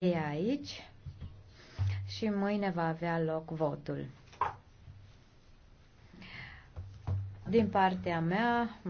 e aici și mâine va avea loc votul. Din partea mea,